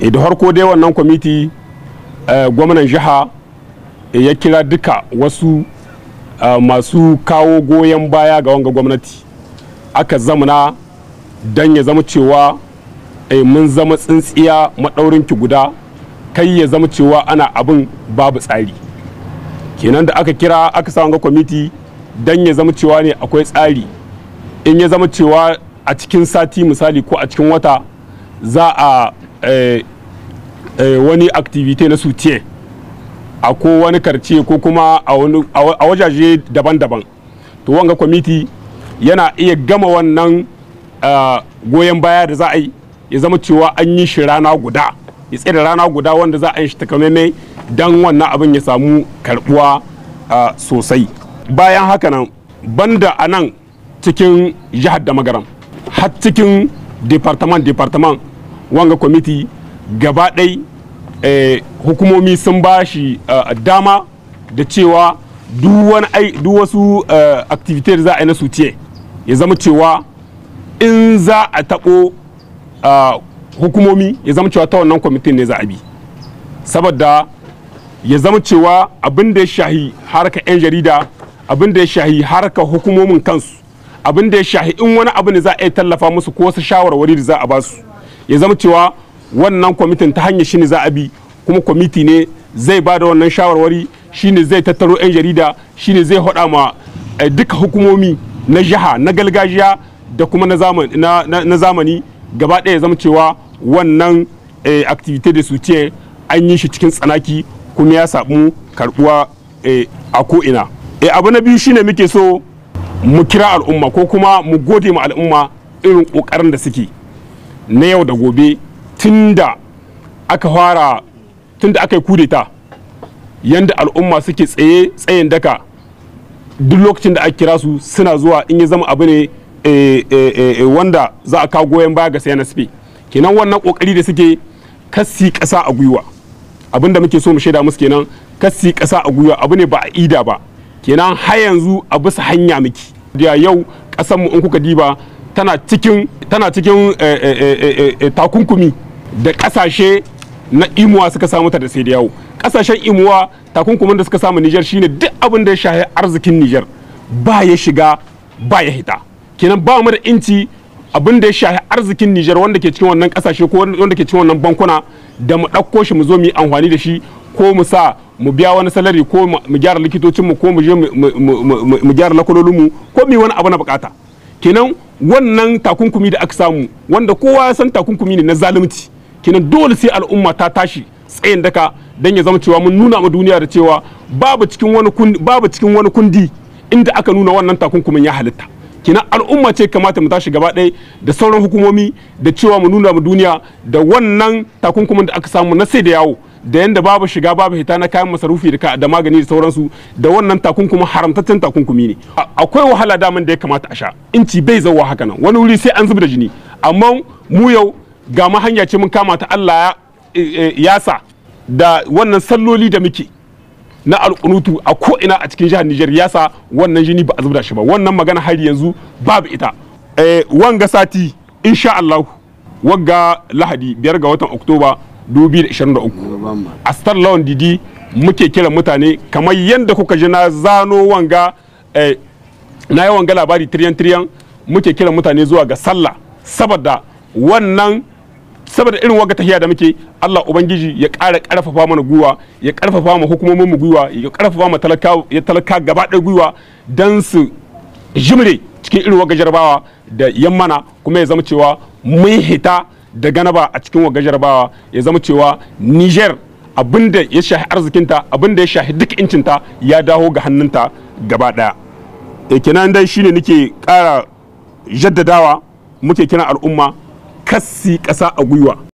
Eh, da harko dai wannan kwamiti eh, gwamnan jiha eh, ya kira duka wasu masu kawo goyon baya ga wanga gwamnati aka zamana don ya zama cewa mun zama tsintsiya maɗaurinki guda kai ya zama cewa ana abin babu tsari kenan da aka kira aka sa wanga kwamiti don ya zama cewa ne akwai tsari in ya zama cewa a cikin sati misali ko a cikin wata za a Eh, eh, wani activity na sutiye a ko wani karce ko kuma a wajaje daban-daban to wanga kwamiti yana iya gama wannan ah, goyon baya da za a yi ya zama cewa an yi shi rana guda ya tsira rana guda wanda za a yi shi takamaimai don wannan abin ya samu karbuwa ah, sosai bayan haka nan banda a nan cikin jihar da magaram har cikin departement departement wanga kwamiti gaba ɗaya eh, hukumomi sun ba shi eh, dama da cewa duk wasu eh, activity da za a yi na sutiye ya zama cewa in za a taɓo hukumomi ya zama cewa ta wannan kwamitin ne za a bi saboda ya zama cewa abin da ya shahi harka 'yan jarida abin da ya shahi harka hukumomin kansu abin da ya shahi in wani abu ne za a yi tallafa musu ko wasu shawarwari da za a basu ya zama cewa wannan kwamitin ta hanyar shine za a bi kuma kwamiti ne zai ba da wannan shawarwari shine zai tattaro 'yan jarida shine zai haɗa ma eh, duka hukumomi na jiha na galgajiya da kuma na zamani gaba ɗaya ya zama cewa wannan eh, activity da su an yi shi cikin tsanaki kuma ya samu karbuwa eh, a ko'ina abu na biyu shine muke so mu kira al'umma ko kuma mu gode ma al'umma irin ƙoƙarin da suke na yau da gobe tunda aka fara tunda aka yi kudeta yanda al'umma suke tsaye tsayin daka duk lokacin da aka kira su suna zuwa in ya zama abu ne eh, eh, eh, wanda za a kawo goyon baya ga cnsp kenan wannan kokari da suke kasi kasa a gwiwa abin da muke so mu shaida musu kenan kasi kasa a gwiwa abu ne ba a ida ba kenan har yanzu a bisa hanya miki yau kasanmu in kuka diba tana cikin eh, eh, eh, takunkumi da kasashe na imuwa suka samu ta da sai da yawo kasashen imuwa takunkumin da suka samu Nijar shine duk abin da ya shahi arzikin Nijar ba ya shiga ba ya hita kenan ba mu da inci abin da ya shahi arzikin Nijar wanda ke cikin wannan kasashe ko wanda ke cikin wannan bankuna da mu ɗauko shi mu zo mu yi amfani da shi ko mu sa mu biya wani salari ko mu gyara likitocinmu ko mu je mu gyara mu ko mu yi wani abu na bukata. kenan wannan takunkumi da aka samu wanda kowa ya san takunkumi ne na zalunci kenan dole sai al'umma ta tashi tsayin daka don ya zama cewa mun nuna ma duniya da cewa babu cikin wani kundi babu cikin wani kundi inda aka nuna wannan takunkumin ya halitta kenan al'umma ce kamata mu tashi gaba ɗaya da sauran hukumomi da cewa mu nuna ma duniya da wannan takunkumin da aka samu na sai da yawo da yanda babu shiga babu hita na kayan masarufi da magani da sauransu da wannan takunkumi haramtaccen takunkumi ne akwai wahala daman da ya kamata a sha inci bai zauwa haka nan wani wuri sai an zuba da jini amma mu yau ga ma hanya ce mun kama ta Allah ya eh, eh, sa da wannan salloli da muke na alƙunutu a ko ina a cikin jihar Nijar ya sa wannan jini ba a zuba shi ba wannan magana har yanzu babu ita eh, wanga sati insha Allah wanga lahadi biyar ga watan Oktoba 2023 a star lawan didi muke kira mutane kamar yadda kuka ji na zano wanga eh, na yawan ga labari tiriyan tiriyan muke kira mutane zuwa ga sallah saboda wannan saboda irin waga tahiya da muke Allah ubangiji ya ƙara ƙarfafa mana gwiwa ya ƙarfafa mu hukumomin mu gwiwa ya ƙarfafa mu talaka ya talaka gaba ɗaya gwiwa dan su jimre cikin irin waga jarabawa da yammana kuma ya zama cewa mun hita da ganaba a cikin waga jarabawa ya zama cewa niger abinda ya shahi arzikinta abinda ya shahi duk incinta ya dawo ga hannunta gaba daya e kenan dai shine nake kara jaddadawa muke kiran al'umma kassi ƙasa a gwiwa